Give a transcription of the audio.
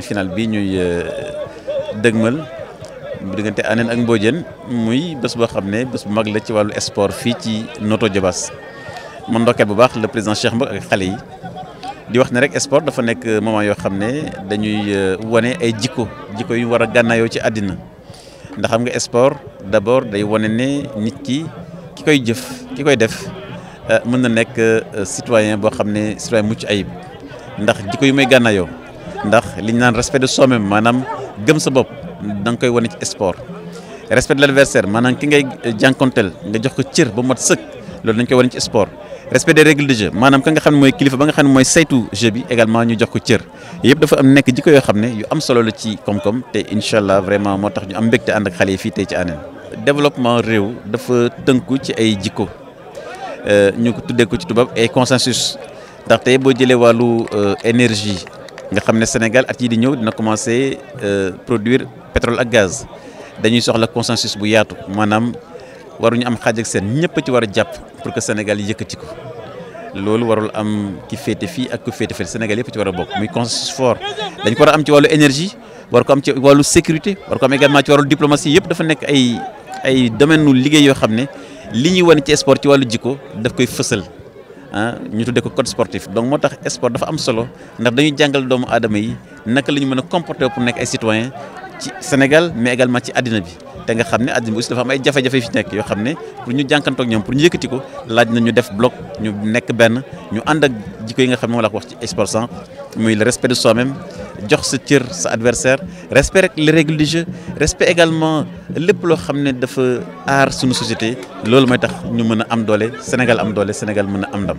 demi-finale bii ñuy euh, dëgmal mu diggante Haneen ak Mbodiène muy bés boo xam ne bés bu mag la ci wàllu sport fii ci noto jabas man ndokkeel bu baax la président Cheikh Mbouck ak xale yi di wax ne rek sport dafa nekk moment yoo xam ne dañuy euh, wane ay jikko jikko yu war a gànnaayoo ci àddina ndax xam nga sport d'abord day wane ne nit ki ki koy jëf ki koy def euh, mën na nekk citoyen boo xam ne citoyen mucc ayib ndax jikko yu may gànnaayoo ndax li ñu naan respect de soi maanaam gëm sa bopp da nga koy wane ci sport respect de l'adversaire maanaam ki ngay jànkonteel nga jox ko cër ba mot sëkk loolu dañ koy wane ci sport respect des règles de jeu maanaam ka nga xam ne mooy kilifa ba nga xam ne mooy saytu jeu bi également ñu jox ko cër yëpp dafa am nekk jikko yoo xam ne yu am solo la ci koom-koom te incha allah vraiment moo tax ñu am mbégte ànd ak xale yi fii tey ci ANEM développement réew dafa tënku ci ay jikko euh, ñu ko tuddee ko ci tubaab ay consensus ndaxte boo jëlee wàllu euh, énergie nga xamné Sénégal at yi di ñëw dina commencé euh, produire pétrole ak gaz dañuy soxla consensus bu yaatu manam waruñu am xaaj ak seen ñëpp ci wara japp pour que Sénégal yëkkati ko loolu warul am ki fété fi ak ku fété fi Sénégal yëpp ci wara bok muy consensus fort dañ ko war am ci walu énergie war ko am ci walu sécurité war ko am également ci wàllu diplomatie yëpp dafa nekk ay ay domaine nu liggéey yoo xam ne li ñuy wane ci sport ci wàllu jikko daf koy fësal ah ñu tuddee ko code sportif donc moo tax sport dafa am solo ndax dañuy jàngal doomu aadama yi naka la ñu mën a comporter pour nekk ay citoyen ci Sénégal mais également ci àddina bi te nga xam ne àddina bi aussi dafa am ay jafe-jafe yu fi nekk yoo xam ne pour ñu jànkantoog ñoom pour ñu yëkkati ko laaj na ñu def bloc ñu nekk benn ñu ànd ak jikko yi nga xam ne moo la ko wax ci sport sans muy le respect de soi-même jox sa cër sa adversaire respect les règles du jeu respect également lepp lo xam dafa ar suñu société lolou may tax ñu mën am doole Sénégal am doole Sénégal mën am ndam